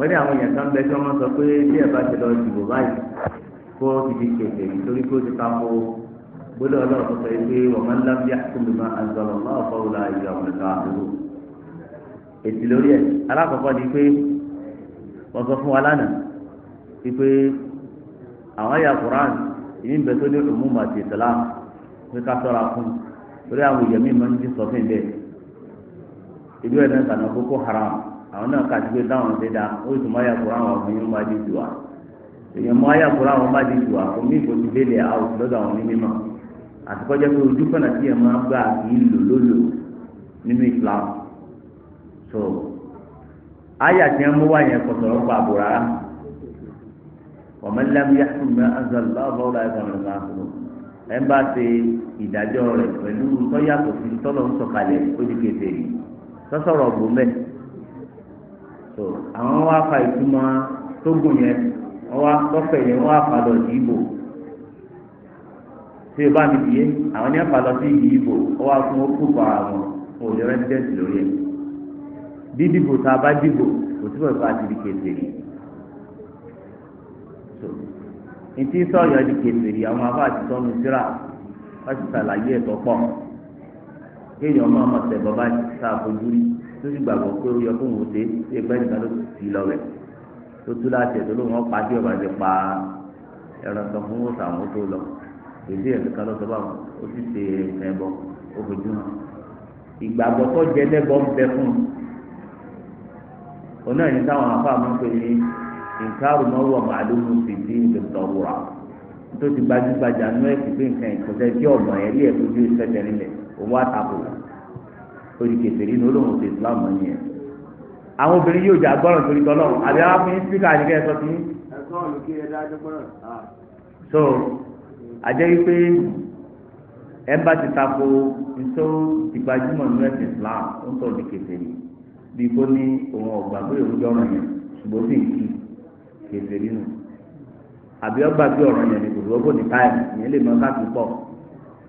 wọ́n ní àwọn èèyàn kan bẹ tí wọ́n sọ pé bí ẹ̀ bá ti lọ dìbò báyìí kó ti di kèké nítorí kó ti tako gbọ́dọ̀ ọlọ́run tó sọ pé wọ́n máa ń lọ bí àkómi máa ń zọlọ náà fọwọ́ la ìyá ọ̀rẹ́ ká àbúrò ètì lórí ẹ̀ alákọ̀ọ́kọ́ ni pé wọ́n sọ fún wa lánàá wípé àwọn àyà Quran ìní ìbẹ̀ tó ní òmùmọ̀ àti ìsìlá pé ká sọ́ra fún un torí àwọn èèyàn máa ń dín sọ fún ìlú ẹ̀ náà sànà Boko Haram àwọn náà kàti pé táwọn ṣe dá ó sì mọ ayàkùrọ àwọn ọmọ yẹn bá di jù wá èèyàn mọ ayàkùrọ àwọn bá di jù wá omi kò ti bẹ́lẹ̀ àwòsí lọ́dọ̀ àwọn onímọ̀ àtikọ́jẹ́ pé ojú kọ́nà tí yẹn máa gbà kì í lò lólò nínú Islam so ayà tí wọ́n mú wá yẹn kò sọ̀rọ̀ pa àbò rárá ọ̀mọdélámi yàtúmọ̀ azọ̀lá ọ̀bọ̀lá ìgbàlódé máa tó ẹ̀ ń bá ṣe ìdájọ́ rẹ̀ pẹ̀lú so àwọn wá fa ìtumọ̀ tógùn yẹn wọ́n ọwa tọ́fẹ̀ yẹn wọ́n wá fa lọ sí ibò tí o bá mi yé àwọn yẹn fa lọ sí ìyí ibò wọ́n wá fún okú fa àwọn wọn ò lè rẹ́sidẹ́ntì lórí tá a bá dìbò kò síbẹ̀ àti so ntí sọ̀yọ́ ìdíkejì yìí àwọn afọ àti sọ́nu síra wọ́n ti sàlàyé kéèyàn máa tó sì gbàgbọ́ pé ó yọ fún òun ṣe tí ẹgbẹ́ nìkan ló ti lọ rẹ̀ tó tú láti ẹ̀ tó ló wọn pa tí ọba ti pa ẹran sọ fún òòsà àwọn tó lọ èdè ẹ̀ nìkan ló sọ báwọn ó sì ṣe ẹ̀bọ ó fojú hàn ìgbàgbọ́ tó jẹ lẹ́bọ̀ ń bẹ fún un onáà ní táwọn afáàmọ́ pé ní nǹkan àrùmọ́wọ́ màálùmù sì ti ń lè tọ́wọ́ra tó ti gbajúgbajà nú ẹ̀sìn pé nǹkan ìkọ̀sẹ́ orí kẹsìrì ní olóhùn ti islam mọ́ nìyẹn àwọn obìnrin yóò jà gbọ́ràn torí tọ́lọ́run àbí wọ́n fún yín spíkà ní kẹ́ẹ̀sọ́ sí. ẹ̀kọ́ mi kí ẹ dájú gbọ́ràn. so àjẹ́ wípé ẹ bá ti tako nso ìgbàjúmọ̀ nínú ẹ̀sìn islam ń sọ di kẹsìrì bí kò ní òun ọ̀gbà pé òun jọ̀ràn yẹn ṣùgbọ́n sì ń kí kẹsìrì nù àbí ọgbà bí ọ̀rọ̀ yẹn ni kò lọ́wọ́ kò ní táìmù ìyẹn lè mọ káàkiri pọ̀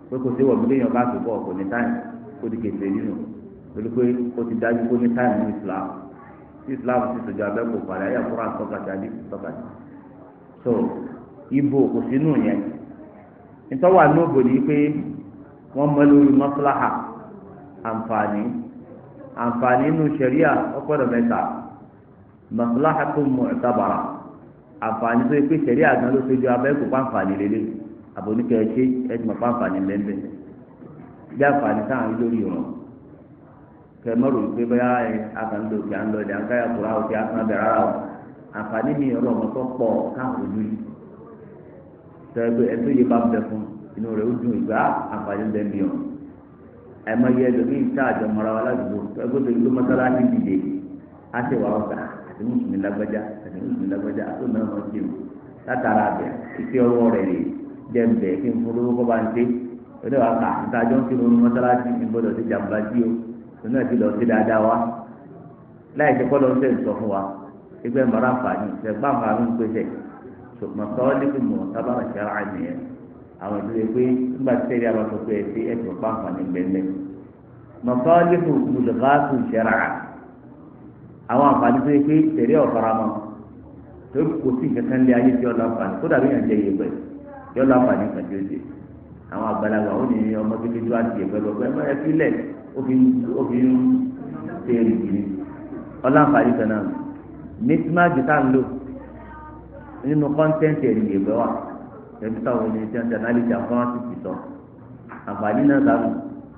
pé kò sí wọ̀ torí pé ó ti dájú kó ní táìmù islam tí islam ti sọjọ abẹ́kò parí ayé àkúrò àtọ́kàtà àbí tọ́kàtà so ibo kò sínú yẹn ìtọ́wà lóògùn ni pé wọ́n mọ lórí mọ́sálàhà àǹfààní àǹfààní inú sẹ̀ríà ọ̀pọ̀lọpọ̀ mẹ́ta mọ́sálàhà tó mọ̀ ẹ̀tàbàrà àǹfààní tó yẹ pé sẹ̀ríà gan ló sọjọ abẹ́kò pàǹfààní lélẹ̀ àbóníkẹ́ ẹ̀ṣẹ́ ẹ̀dùnmọ̀ pàǹfààní lẹ́ńbẹ̀ bí àǹfààní táwọn lórí ìrọ̀rùn kẹmẹrù pé bẹ́ẹ̀ ẹ àkàndò kí à ń lọ ẹ̀dẹ̀ àǹkáyà kura òkè àkàn bẹ̀rẹ̀ ara o àǹfààní mi ọ̀rọ̀ ọmọ tó pọ̀ káàkó ju yìí tẹ́lẹ̀ ẹ tó yẹ bá bẹ fún inú rẹ̀ ó dùn ìgbà àǹfààní bẹ́ẹ̀ bí ọ̀ ẹ mọ iye ẹlòmíì tá àjọ mọ́ra wa ládùúgbò ẹgbẹ́ tó gbé mọ́sálásí dìde á sì wà ọ̀gá àti mùsùlùmí lágbájá àti mùsùlùmí lágbájá òun náà ti lọ sí dáadáa wa láì ṣe kọ́lọ́ ṣe ń sọ fún wa ẹgbẹ́ mara fàánì ṣẹgbà fàánì ń pèsè ṣùgbọ́n sọ́ọ́ níbi mọ̀ sábàrà ṣẹ́ra nìyẹn àwọn ìdílé pé nígbà tí sẹ́yìn àwọn sọ̀tọ̀ ẹ̀ sí ẹ̀sùn pàǹfààní gbẹ̀mẹ̀ mọ̀sọ́ọ́lẹ́fù mùlùkàtù àwọn àǹfààní tó yẹ pé tẹ̀lé tó kò sí kankan lé ayé tí obìnrin ṣe é rìkìrì ọlànfààní kan náà mítímáàgì tá à ń lò nínú kọ́ńtẹ́ǹtì ẹ̀rí ìgbẹ́ wa ẹbí táwọn ènìyàn ti ń ṣe analysis àfọwọ́n ti ti sọ àǹfààní náà dáhùn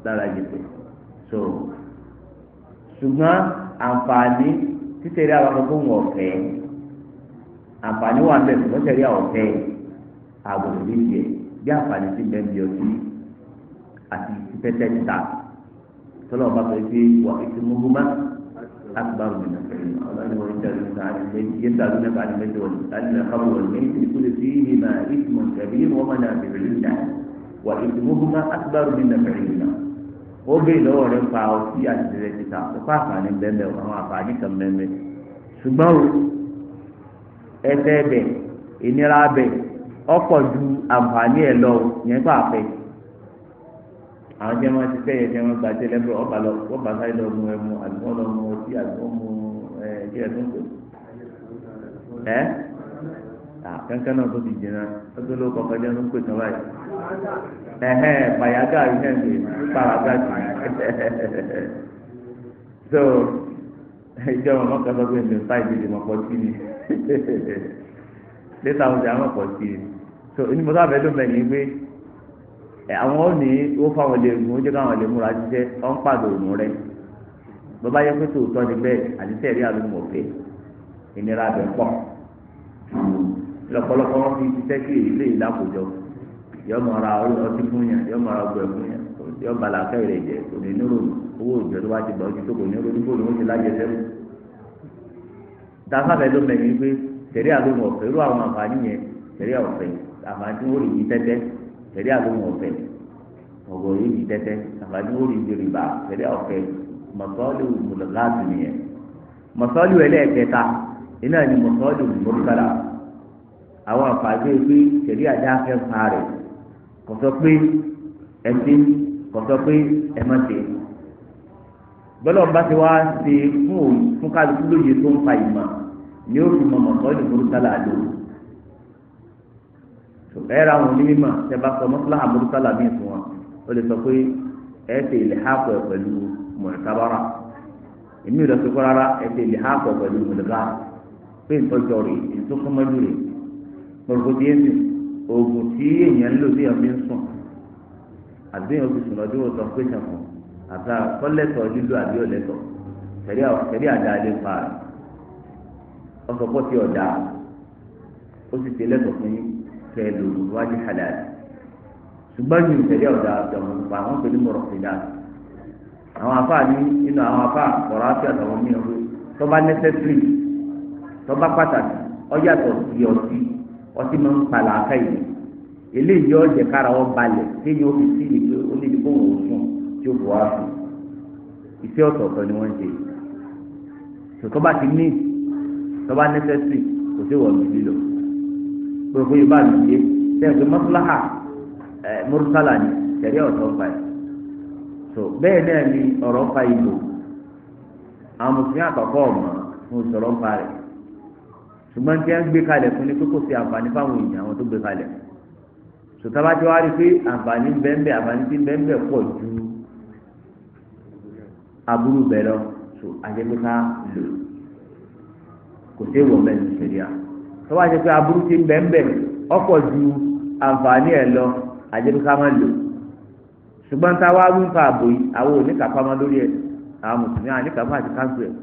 lára jẹ̀fẹ̀ so ṣùgbọ́n àǹfààní títẹ̀rí àwọn akọ́kọ́ wọn ọ̀fẹ́ àǹfààní wà bẹ̀ ṣùgbọ́n tẹ̀rí àwọn ọ̀fẹ́ àgùntàn lè jẹ bí àǹfààní ti bẹ́ẹ̀ bí ọtí àti pẹ́tẹ́ ti tọ́lọ̀ bá sọ pé wà ètò mọ́gbọ́mọ́ akbar min akẹ́yìn ọlọ́ni wọn ìjà ló ta àti méjì yé ta lónà bá àti méjì wọn àti nà kàwé wọn méjì tí kúlè sí ní ma ìtumọ̀ kẹbí wọn máa nà bẹ̀rẹ̀ lé nà wà ètò mọ́gbọ́mọ́ akbar min akẹ́yìn nà ó gbé ìlọ́wọ́ rẹ̀ pa ọtí àti ìrẹsì títà ó pa àǹfààní bẹ́ẹ̀ àwọn àǹfààní kan bẹ́ẹ̀ ṣùgbọ́n ẹsẹ̀ bẹ̀ ìnira bẹ̀ ọ̀pọ̀ ju àǹfààní ẹ̀ lọ yẹn pàápẹ́ àwọn jẹ́ wọn ti tẹ́yẹ jẹ́ wọn gbàtẹ́ lẹ́bẹ̀rẹ̀ ọba lọ ọba sáyé lọ mu ẹmu àdúgbò lọ mu ọtí àdúgbò mu ẹ kí ẹ tó ń pè ẹ kankan náà tó ti jìnnà ó tó ló kọkọ jẹ́ ló ń pè tán báyìí ẹ̀hẹ́ pàyàgà yìí náà lè pàràgà jù so ìjọba ọmọ kan sọ pé ní fáìlì lè mọ pọ̀ sí ni lẹ́tà ọ̀sẹ̀ àwọn pọ̀ sí ni so onímọ̀tò àbẹ̀dọ̀ mẹ́rin pé àwọn ò ní ó fáwọn lè gùn ó jẹ́ káwọn lè múra ṣiṣẹ́ ọ̀ ń pàdé òun rẹ bàbá yẹ pé tòótọ́ ni bẹ́ẹ̀ àti sẹ́ẹ̀rí àlùmọ̀ pé ìnira bẹ̀ pọ̀ lọ́pọ̀lọpọ̀ wọn fi ṣiṣẹ́ kí èyí lè lákòjọ yọ mọ ara ọtí fún yàn yọ mọ ara ọgbẹ fún yàn yọ bala akẹ́rẹ́ rẹ̀ jẹ kò ní nírò owó òjò tó bá ti bọ̀ ojú tó kò ní nírò níbo ni wọ́n ti lájẹ sẹ́nu. dáfàbẹ́ ló mẹ́rin pé sẹ́rí àlùmọ̀ pẹ̀lú àwọn àǹfààní yẹn sẹ́rí àwọ̀fẹ́ àǹfààní tí wọ́n lè yí tẹ́tẹ́ tẹ̀lé àlóhùn ọ̀fẹ́ ọ̀gọ̀ yìí ní tẹ́tẹ́ àfààní ó rí ìbéèrè bá tẹ̀lé ọ̀fẹ́ mọ̀sọ́lù mùlọ́láàtì nìyẹn mọ̀sọ́lù ẹlẹ́ẹ̀kẹta iná ni mọ̀sọ́lù mọ̀sọ́là àwọn àfààní pé tẹ̀lé àdá fẹ́ fa rẹ̀ kò sọ pé ẹsìn kò sọ pé ẹ má ṣe bọ́lá ọba ti wá ṣe fún kálukú lóye tó ń fa ìmọ̀ ni ó fi mọ̀ mọ̀sọ́lù mọ̀sọ́là lò ẹ̀rọ àwọn onímọ̀ tẹ bá sọ mọ́tòlá àbúrúsálà bíi fún wọn ó lè sọ pé ẹ ṣe ilẹ̀ hàpọ̀ pẹ̀lú èmi rárá ẹ ṣe ilẹ̀ hàpọ̀ pẹ̀lú mọ̀lẹ́ká pé ìtọ́jọ rè ìtọ́sọ́mọ́jú rè mọ̀lẹ́kọ́ tí èsì oògùn tí èèyàn ń lò sí ń sùn àbí sùn lọ́jọ́ pé kọ́lẹ́tọ̀ lílo àbí ọ̀lẹ́tọ̀ àdá ilé pa kẹlò wájú halal ṣùgbọ́n ní ìtẹ̀lé ọ̀dà àtọ̀mù pa àwọn pẹ̀lú mọ̀rọ̀ fìdá àwọn afá ní inú àwọn afá ọ̀rọ̀ àti àtọ̀mù ní ọ̀rọ̀ tọ́ba nẹ́sẹ̀sìrì tọ́ba pàtàkì ọ̀yàtọ̀ sí ọtí ọtí máa ń palà aká yìí eléyìí ọ̀jẹ̀ kára ọ balẹ̀ kéèyàn ó fi sí ìgbé onídìbò òun sùn tí ó bọ̀ wá sùn iṣẹ́ ọ̀tọ̀ọ̀tọ̀ ni wọ́n ń ṣe tọ́ba ti ní tọ́ba nẹ́sẹ̀sìrì kò sí wọ̀ gbogbo yìí bá mi yé sẹ́yìn mọ́tòláhà ẹ̀ mọ́tòláhà ni tẹ̀lé ọ̀tọ̀ fà yìí so bẹ́ẹ̀ náà ni ọ̀rọ̀ fa ìlò àwọn mùsùlùmí àkọ́kọ́ ọ̀mọ́ fún ìṣòro fa rẹ̀ ṣùgbọ́n tí wọ́n gbé kalẹ̀ fún ni pé kò sí àǹfààní fáwọn èèyàn àwọn tó gbé kalẹ̀ sòtábàjọ́ wa rí i pé àǹfààní bẹ́ẹ̀nbẹ́ẹ́ àǹfààní tí bẹ́ẹ̀ so àjẹpẹ́ká lò kò sí ìwọ̀n bẹ́ẹ̀ ní tó wá ṣe pé aburú ti ń bẹ́ẹ̀ bẹ́ẹ̀ ju àǹfààní ẹ̀ lọ àjẹbíká máa lò ṣùgbọ́n tá a wá wí nǹkan àbò yìí àwọn oníkàpamọ́ lórí ẹ̀ àwọn mùsùlùmí àwọn oníkàpamọ́ àti káńtù ẹ̀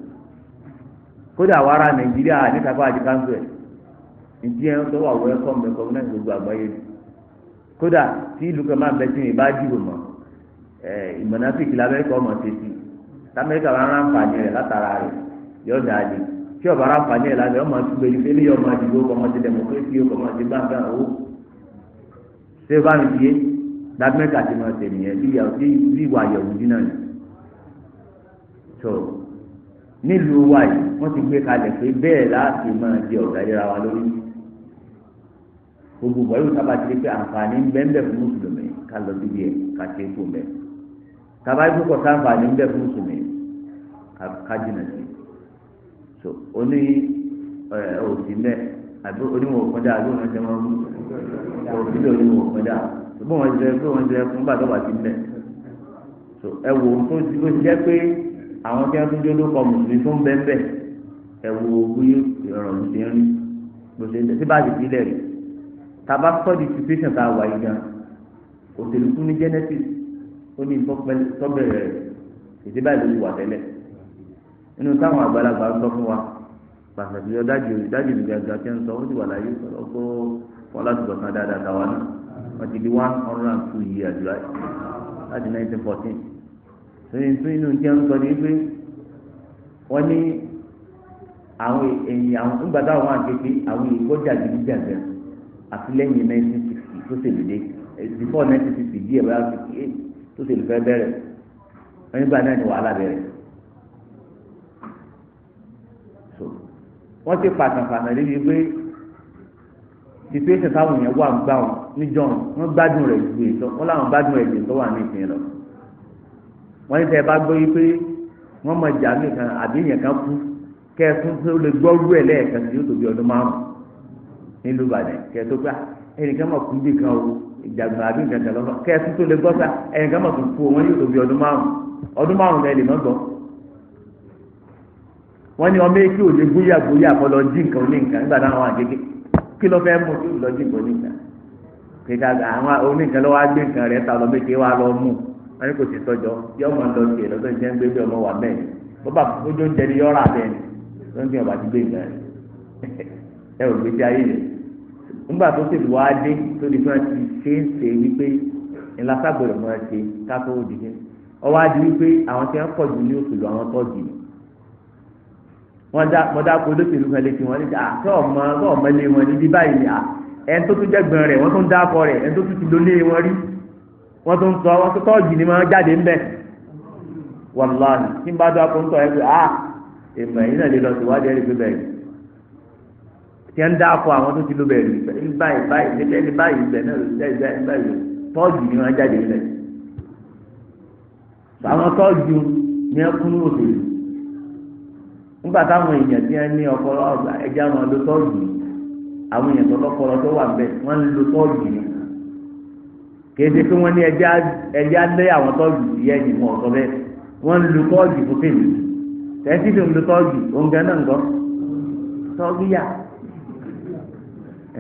kódà àwọn nàìjíríà àwọn oníkàpamọ́ àti káńtù ẹ̀ ìdí ẹ̀ tó wà wọ́ ẹ̀kọ́ mẹ́kọ́ náà gbogbo àgbáyé ni kódà tí ìlú kan máa tí ọba aráfààní ẹ̀ lábẹ́ ọmọ àti gbèlú pé eléyìí ọmọ àdìgbò ọmọ ti dẹmọkírésì ọkọ ọmọ ti gbàgbà owó ṣé bá mi fi yé lábẹ́ka ti máa tẹ̀lé yẹn bí ìwà yẹ̀wù dínà ni. tó nílùú wa yìí wọ́n ti gbé kalẹ̀ pé bẹ́ẹ̀ láti máa di ọ̀gá yẹra wa lórí gbogbo bọ̀ yóò sábà ti di pé àǹfààní bẹ́ẹ̀ fún mùsùlùmí ká lọ síbi ẹ̀ ká ṣe é fún bẹ́ẹ̀ tàbá ikú sáǹfààní bẹ́ẹ̀ fún mùsùlùmí ká jìnà sí i so oní ẹ òsì mẹ àbí oníwọ̀n òkúndà àbí wọn jẹ wọn òsì lè oníwọ̀n òkúndà bí wọn jẹ bí wọn jẹ fún gbàdọ̀ wà sí mẹ so ẹ wò ó ti ó ti jẹ pé àwọn tí wọn tún jó ló kọ mùsùlùmí tó ń bẹ́ẹ̀ bẹ́ẹ̀ ẹ wò ó bí ọ̀rọ̀ mi ṣe ń rí bó ṣe ń tẹ̀ sí bá a ti sílẹ̀ rí tàbá sọ́ọ̀dì situation tá a wà yìí gan òṣèlú fún ní genesis ó ní ìfọ́pẹ́ tọ́bẹ̀rẹ̀ rẹ̀ èdè ló ti wà tẹ́lẹ̀ inú táwọn àgbàlagbà sọ fún wa pàtàkì yọ dájú dájú mi gàgà tí ń sọ ó sì wà láyé sọlọ kó wọn láti bọ̀ kan dáadáa tàwa náà wọn ti di one hundred and two years right láti nineteen fourteen lórí tún inú jẹ́ ń sọ ní pé wọ́n ní àwọn èèyàn àwọn nígbà táwọn wà kékeré àwọn èèyàn kọjá gidi jàgbẹ́ àti lẹ́yìn nineteen sixty tó ṣèlú dé before nineteen sixty díẹ̀ bá fifty eight tó ṣèlú fẹ́ bẹ̀rẹ̀ wọ́n nígbà náà ni wàhálà bẹ̀rẹ̀. wọ́n ti pàtàkì rí i pé situation táwọn èèyàn wà ń gbà wọn níjọ́ wọn gbádùn rẹ̀ ju ètò wọn làwọn gbádùn rẹ̀ ju ètò wà ní ìpín lọ. wọ́n ní sẹ́ bá gbọ́ yìí pé wọ́n mọ ìjà nìkan àbí èèyàn kan kú kẹ́ ẹ tún tó lè gbọ́ rú ẹ̀ lẹ́ẹ̀kan sí yóò tóbi ọdún márùn-ún nílùú Ìbàdàn kẹ́ ẹ tó gbà ah, ẹnìkan mọ̀ kú bí kan o ìjàgbọ̀n àbí nǹkan kan lọ́kàn kẹ́ ẹ tún tó lè gbọ́ sá ah, ẹnìkan mọ̀ tún kú wọn yóò tóbi ọdún márùn ọdún márùn-ún wọ́n ní ọmọ èké ò lè gbóyà gbóyà kọ́ lọ jí nǹkan oníǹkan nígbà táwọn wà kéke kí ló fẹ́ mú kí lọ jí nǹkan oníǹkan kéka àwọn oníǹkan lọ́wọ́ agbé nǹkan rẹ̀ ta lọ́mọ èké wa lọ mú wọn ní kò sì tọjọ yọ ọmọ lọ sí ẹ lọ́sọ̀ ìjẹun gbé bí ọmọ wà bẹ́ẹ̀ bọ́bà ojú oúnjẹ ni yọ́ra bẹ́ẹ̀ ló ń gbé ọba ti gbé nǹkan rẹ̀ ẹ ò gbé sí ayé rẹ̀ nígbà tó sì wá dé tó di fún ẹ ti é ṣe wípé ńlá sábòrò mọ́ ẹ wọ́n dá wọ́n dá kó lóṣèlú kan létí wọ́n ní ká tó ọmọ tó ọmọ ilé wọn níbi báyìí ni à ẹni tó tún jẹ́gbọ́n rẹ̀ wọ́n tún dá akọ rẹ̀ ẹni tó tún ti lólé wọn rí wọ́n tún sọ wọ́n tún tọ́ọ̀jì ni wọ́n jáde ń bẹ̀ wàláhì tí n bá dọ́ akọ ń tọ́ ẹ pé ah èèmọ̀ yìí náà lè lọ síwádìí ẹ̀rí pé bẹ́ẹ̀ tí ń dá akọ àwọn tó ti ló bẹ̀rẹ̀ ní báyìí báyìí ní báyìí bẹ̀ náà tọ́ọ̀jì ni wọ́n jáde ń ni wọ́n kún ní òṣèlú nígbà táwọn èèyàn tí wọ́n ní ọpọlọ ẹja wọn lo tọ́ọ̀gì àwọn èèyàn tó lọ́pọlọ tó wà bẹ́ẹ̀ wọ́n ń lo tọ́ọ̀gì ni kéde pé wọ́n ní ẹja lé àwọn tọ́ọ̀gì sí ẹ̀yìn wọn ọ̀sọ́ bẹ́ẹ̀ wọ́n ń lo tọ́ọ̀gì fún fèmí tẹ́tí fi ń lo tọ́ọ̀gì oúnjẹ náà ń gọ́ tọ́ọ̀gìyà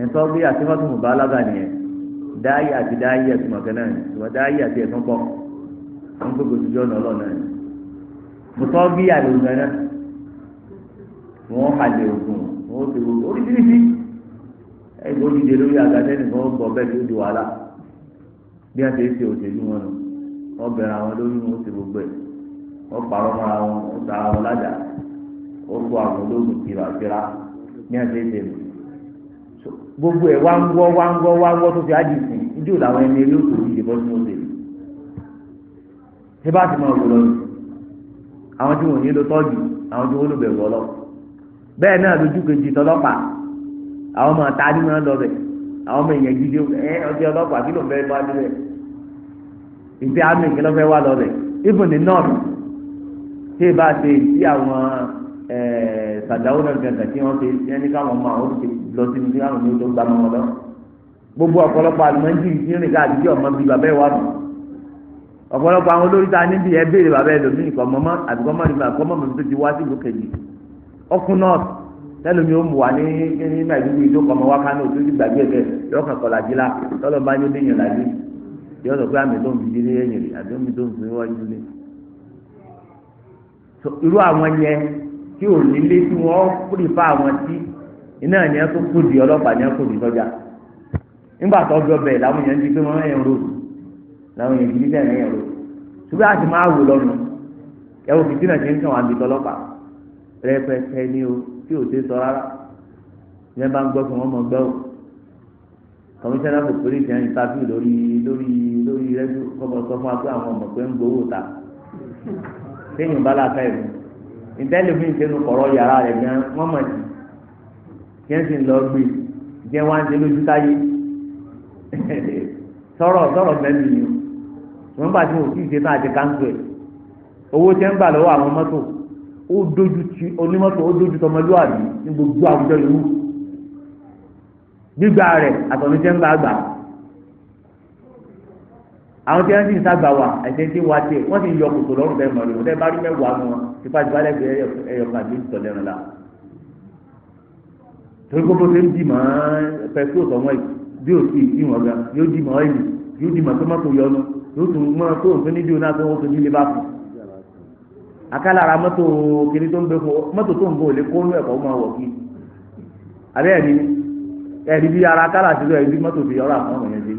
ẹ̀ńtọ́ bí àtìmọ́tò mùbá alága nìyẹn dáyé àti dáyé ẹ̀sùn mọ̀kẹ́nà ni ìwà dáyé àti ẹ̀sùn pọ̀ ń gbégbé ojú ọ̀nà ọlọ́ọ̀nà ni mùtọ́ bí wọ́n halẹ̀ ògùn wọ́n ti wọ́n oríṣiríṣi ẹ̀gbọ́n olùdíje lórí àgàdé nìkan ó gbọ́ bẹ́ẹ̀ tó di wàhálà bí wọ́n ti ṣe òṣèlú wọn nù wọ́n bẹ̀rẹ̀ àwọn lórí wọn ó ti gbogbo ẹ̀ wọ́n parọ́ mọ́ra wọn ó ta àwọn ládàá ó kó àwọn olóògùn tìràtìrà bí ti ṣe gbogbo ẹ̀ wá ń wá ń wá ń tó fi sìn làwọn ẹni ìdìbò bẹ́ẹ̀ náà lójú kejì tọlọ́pàá àwọn ọmọ ta ni wọ́n lọ bẹ̀ àwọn ọmọ èèyàn gidi ẹ ọjọ́ ọlọ́pàá kí ló ń bẹ́ẹ̀ bá dé bẹ̀ ìfẹ́ àmì ìkẹlọ́fẹ́ wà lọ even the north tí ì bá ṣe sí àwọn sàdáwó náà gàgà tí wọ́n ṣe ẹni káwọn ọmọ àwọn ti lọ sí ní àwọn ọmọ tó gbà wọn lọ gbogbo ọ̀pọ̀lọpọ̀ àlùmọ́ńjì ìrìn káàdì ọmọ bíi bàbá ìwà mọ̀ ọ̀pọ̀lọpọ̀ àwọn olórí ta níbi ẹ béèrè bàbá ẹlòmíì kọ́ mọ́mọ́ àbíkọ́ mọ́ nígbà kọ́ ti wá sí ìlú kejì ọkùn nọọsì tẹlifí ó mú wa ní ní mẹ́ẹ̀ẹ́dógún ìjókòó ọmọ wa kánú tó ti gbàgbé ẹ̀kẹ́ yọ kàn kọ́ làjí la tọ́lọ́ bá yóò déyìn làjí yọ sọ pé àmì tó ń fi jílé ẹ̀yìn rè àti omi tó ń fi wọ́n irú àwọn yẹn ò tí kúrì fá àwọn tí iná yẹn tó di ọlọ́pàá yẹn di sọ́jà nígbà tó làwọn yẹn ti rẹpẹtẹ ni o tí o ti sọ rárá yẹn bá ń gbọ́ fún wọn mọ̀ gbẹ́ o kọmíṣánná kò péré ìjẹun ìtàbí lórí lórí lórí rẹ́díò kọ́kọ́ sọ fún wa pé àwọn ọmọ pé ń gbowó ta téèyàn bá láta ẹ̀rù ìtẹ́lẹ̀mí ìtẹ́nu kọ̀rọ̀ yàrá rẹ̀ gan wọ́n mọ̀ sí jẹ́ ń lọ gbé jẹ́ wá ń ṣe lójú táyé sọ̀rọ̀ sọ̀rọ̀ mẹ́rin ni o wọ́n bá ti wò kí ìṣe náà ti káńtó ẹ̀ owó tẹ́ ń gbà lọ́wọ́ àwọn mọ́tò ó dojú ti onímọ́tò ó dojú tọmọlúwàbí ní gbogbo àwùjọ yòówù gbígbà rẹ̀ àtọ̀nùjẹ́ ń bá gbà àwọn tí wọ́n ti ń sábà wà ẹ̀sẹ̀ tí wọ́n ti wọ́n ti yọ kòtò lọ́rùn bẹ́ẹ̀ mọ̀ lórí ọ̀dẹ́ bá rí mẹ́wàá nu wọn tipa tipa lẹ́gbẹ̀ ẹ̀yọkàn tó ń tọ̀lẹ̀ rìn la torí gbogbo tó ń dì mọ́ pẹ̀sí òtọ̀ wọn bí ò sí ìwọ̀n gan yóò dì mọ́ ẹ̀yìn yóò dì mọ́ tó mọ́tò yọnu yóò tún mọ́ tó òtún nídìí onáfẹ́ wọn tó nílé bá fún akálára mọ́tò kiri tó ń gbé fún mọ́tò tó ń gbé òlé kó ń ẹ̀kọ́ máa wọ̀ kí abẹ́ ẹ̀rí ẹ̀rí bí ara akálà ti lọ ẹ̀rí bí mọ́tò fi ọ̀rọ̀ àwọn ọ̀rọ̀ yẹn dé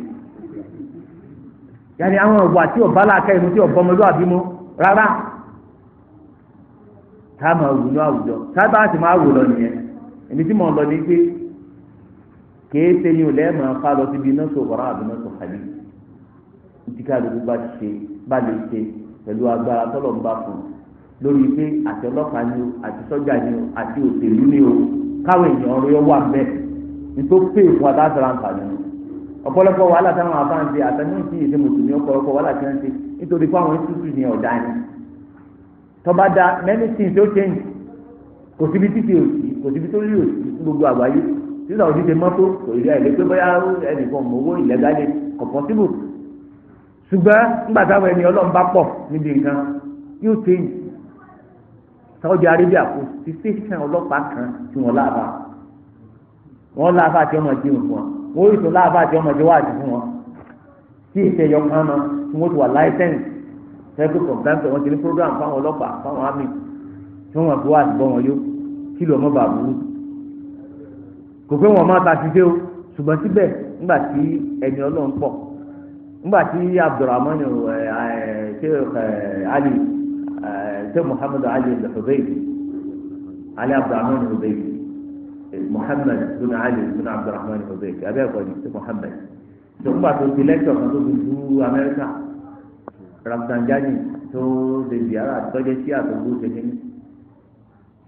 yàní àwọn ọ̀gbà tí ọ̀bá làákà ìmú tí ọ̀bọ ọmọdé àbímọ rárá tá a máa wù ní àwùjọ tá a bá ti máa wù lọ nìyẹn èmi tí mò lọ ní pé kéésì ni olè máa fa lọ síbi iná sọ̀rọ̀ àbí iná sọ̀rọ̀ àbí ìdíkàlùkù bá ti ṣe bá lè ṣe pẹ̀lú agbára tọ́lọ̀ ń bá fún un lórí pé àti ọlọ́pàá ni o àti sọ́jà ni o àti òṣèlú ni o káwọn èèyàn ọ̀rọ̀ yọ wà mbẹ́ nítorí pé fún adáṣọ àǹfààní ni ọ̀pọ̀lọpọ̀ wàhálà táwọn afáǹsì àtàwọn ìsìn ìdè mùsùlùmí ọ̀pọ̀lọpọ̀ wàhálà tí wọ́n ti nítorí pé àwọn ìtútù ni ọ̀dà ni tọ́ba da many things ó change kò síbi títí òsì kò síbi tó rí òsì gbogbo àgbáyé sísà òsì ti mọ́tò kò rí àìlè pé bóyá ẹnìkan mọ̀wó ìlẹ́gàlè kò possible ṣùgbọ́n nígbà táwọn ẹni ọlọ́run bá pọ̀ níbi nǹkan yóò change Saudi Arabia kò sí tẹsán ọlọ́pàá kan tí wọ́n láàbà wọ́n láàbà tí ọmọ jí fún wọn wọ́n yóò tó láàbà tí ọmọ jí wà jù fún wọn tí ìṣẹ̀yọ kan náà tí wọ́n ti wà láìsẹ̀ǹsì sẹ́kù kọ̀ǹtàǹtì wọ́n ti ní program fáwọn ọlọ́pàá fáwọn àmì tí wọ́n fi wá àtìgbọ́ wọn yó kí ló mọ́ bàbá wú. kò pé wọn máa ta ṣiṣẹ́ o ṣùgbọ́n síbẹ̀ nígbà tí ẹni ọlọ́run pọ̀ nígbà tí Abdulrahman ṣe eh, eh, eh, Ali sai muhammadu ali da hudaybi ali abdurrahman hudaybi muhammad bin ali bin abdurrahman hudaybi abẹ́ ẹ̀kọ́ ni sí muhammad tó ń pàtó ti lẹ́kítọ̀ kan tó fi du amẹ́ríkà ramsanjani tó dèbí ara àtọ́jẹ́ sí àtọ́gbó ṣẹ́gi ní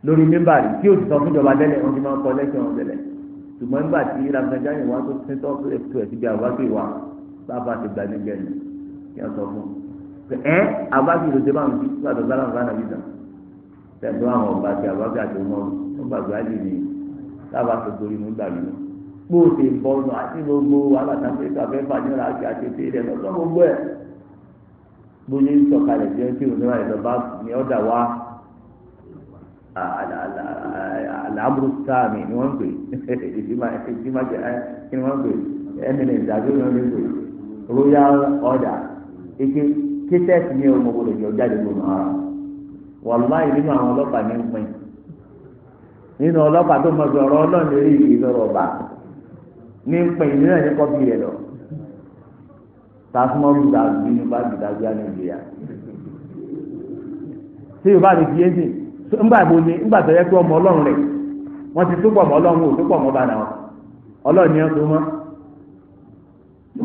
lórí mímbàrí tí o ti sọ fún ìjọba tẹ́lẹ̀ wọn ti máa ń kọ lẹ́kítọ̀ wọn tẹ́lẹ̀ ṣùgbọ́n nígbà tí ramsanjani wọn tó tẹ́tọ́ tó ẹ̀ ti bí àwọn wákè wa bá a bá ti gbà nígbẹ̀ẹ́ ni kí wọ́n sọ fún un. ẹ abájú ló dé báwọn títí wà tó bá láwọn bá nàbí dàn tẹ̀sán àwọn ọba àti abájú àti ọmọ wọn gbàgbé àjẹ ni táwa tó torí mú gbà nínú àti gbogbo fàdúrà àti gbogbo tí ti rò wa sáàmì ni pè ìdímájẹ ni pè kéṣẹ́ẹ̀tì ní ọmọ gbọdọ̀ jọ jáde gbọdọ̀ ara wàláì nínú àwọn ọlọ́pàá ní pin nínú ọlọ́pàá tó mọ̀ sọ̀rọ̀ ọlọ́ọ̀ni rí ìlọrọ̀ ọba ní pin nínú ẹ̀ ní kọ́bí rẹ̀ lọ tasumọ́lù dàbí ní á nàìjíríà tí yorùbá fi ńgbà ni ńgbà tó yẹ ọmọ ọlọ́run rẹ̀ wọ́n ti mọ́ ọlọ́run ò mọ́ bá tó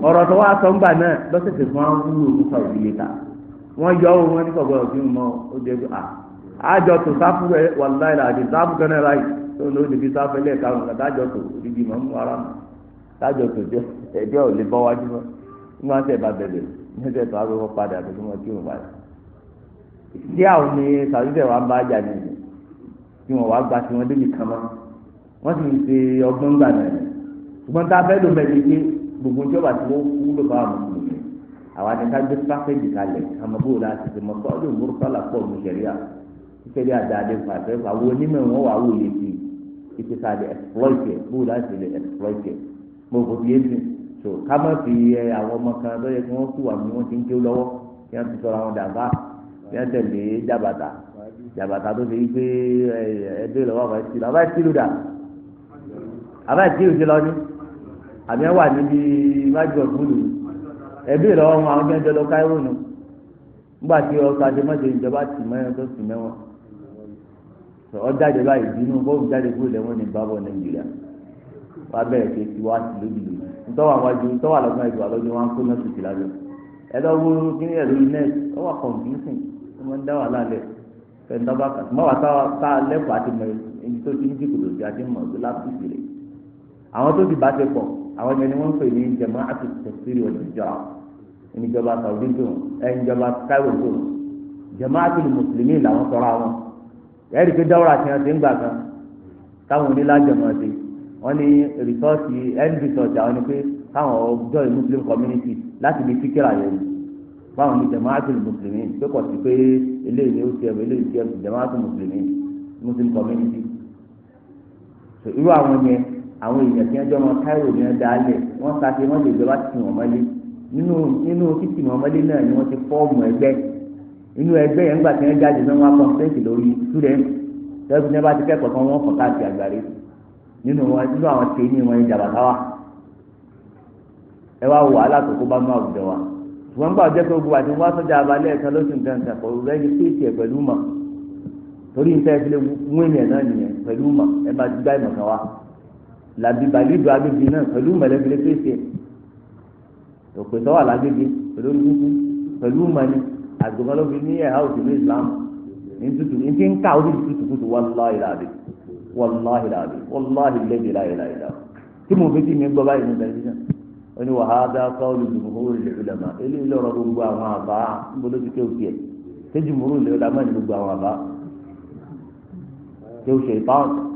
ọ̀rọ̀ tó wá sọ náà lọ́sẹ̀sẹ̀ fún wọn wúlò fún sàwùdí wọ́n yọ ọ́ wọn nípa ọ̀gbọ́n òfin mọ́ ó dé pé àjọ tó sáfù rẹ wà sáfù láì tó níbi sáfù tó odidi mọ̀ mú ara mọ̀ tó ò lè bọ́ wájú mọ́ ní wọ́n sẹ̀ bá bẹ̀rẹ̀ níṣẹ́ tó arúgbó padà tó gbogbo ìjọba tí wọ́n kú ló bá àwọn ọmọ yẹn àwọn adìka gbé pákéjì kalẹ̀ àmọ́bó la ti fi mọ sọ́ọ́dún mọ́rúkọ́là pọ̀ ní sẹ́ríà sẹ́ríà dáadé pàṣẹ àwọn onímọ̀ wọn wà wò lè fi ìtìsà lè exploit yẹ bó la ti lè exploit yẹ mo kò fi yéésì so ká má fi ẹ àwọn ọmọ kan tó yẹ kí wọ́n kú àmì wọn ti ń ké lọ́wọ́ kí wọ́n ti sọ̀rọ̀ àwọn dàgbà kí wọ́n tẹ̀lé jàbàtà jàbàtà tó fi gbé ẹgbẹ́ lọ́wọ́ àbí wà níbi májú ọ̀gbúnù ẹbí ìlọ ọmọ àwọn jẹjẹ lọ káírò nù nígbà tí ọkọ adémọdé ìjọba tì mẹ́rin tó sì mẹ́wọ̀n ọjáde báyìí bínú bóòlù jáde kúrò lẹ́wọ̀n ní bábọ̀ nàìjíríà wà bẹ̀rẹ̀ pé tiwa ti lójú lù ntọ́wà wájú ntọ́wà lọ́gbọ́n ìgbà lọ́jọ́ wọn kó náà tòkì lábẹ́ ẹ lọ wo kíní ẹ̀ lórí nẹ́ẹ̀sì ó wà kọ̀ǹpútìn ó máa ń dá wàhálà lẹ̀ fẹ́ntọ́ba kà mọ́wà tá àwọn ẹni wọ́n pè ní jama'atu tafsiri wal hijra ìníjọba saudi tó ẹnìjọba cairo tó jama'atu mùsùlùmí làwọn sọ̀rọ̀ àwọn ẹ̀rí pé dáwọ́ra ti hàn sí ń gbà kan táwọn onílàjọmọ̀ ti wọ́n ní rìsọ́ọ̀tì end rìsọ́ọ̀tì àwọn ni pé káwọn ọjọ́ muslim community láti lè fi kíra yẹn báwọn ní jama'atu mùsùlùmí pé kò sí pé eléyìí ó ti ẹ̀ eléyìí ti ẹ̀ jama'atu mùsùlùmí muslim community irú àwọn yẹn àwọn èèyàn tí wọ́n jọ ọmọ káírò ni wọ́n dá lẹ̀ wọ́n sáfì wọ́n lè jọba tì wọ́n mọ́lé nínú nínú títì wọ́n mọ́lé náà ni wọ́n ti fọ́ọ̀mù ẹgbẹ́ inú ẹgbẹ́ yẹn ńgbà tí wọ́n jáde náà wọ́n á kọ́ńtẹ́ǹtì lórí student tẹ́lifí ní wọ́n bá ti kẹ́kọ̀ọ́ kan wọ́n kàn káàkiri àgbáre nínú wọn nínú àwọn tèé ní wọn ìjàmbá wa ẹ wá wọ alákòókò bá mú àwùjọ wa ṣùgbọ́n gbà jẹ́ pé gbogbo àti wọ́n sọ́jà abalẹ̀ ẹ̀ka lóṣù nǹkan nǹkan làbí bàlídò agbègbè náà pẹ̀lú mọ̀lẹ́bí lè pèsè òpè tó wà lágbègbè pẹ̀lú olùkúkú pẹ̀lú mọ̀ni àgbọ̀mọ́lóbi ní ẹ̀há òsèlú ìsìlámù ní tutù ní ti ń ká orí tutù kutù wàláhì làbí wàláhì làbí wàláhì lẹ́bi láyé láyé làbí tí mo fi ti mi gbọ́ báyìí ní tẹlifíṣàn ó ní wàhálà káwọlù jùmùhúrù lẹ́lẹ́mà eléyìí lọ́rọ̀ gbogbo àwọn àbá níbo ti kéwù tiẹ̀ tẹ́jú mùrù lẹ́lẹ́mà ní gbogbo àwọn àbá kéwù ṣe ìpáwọn.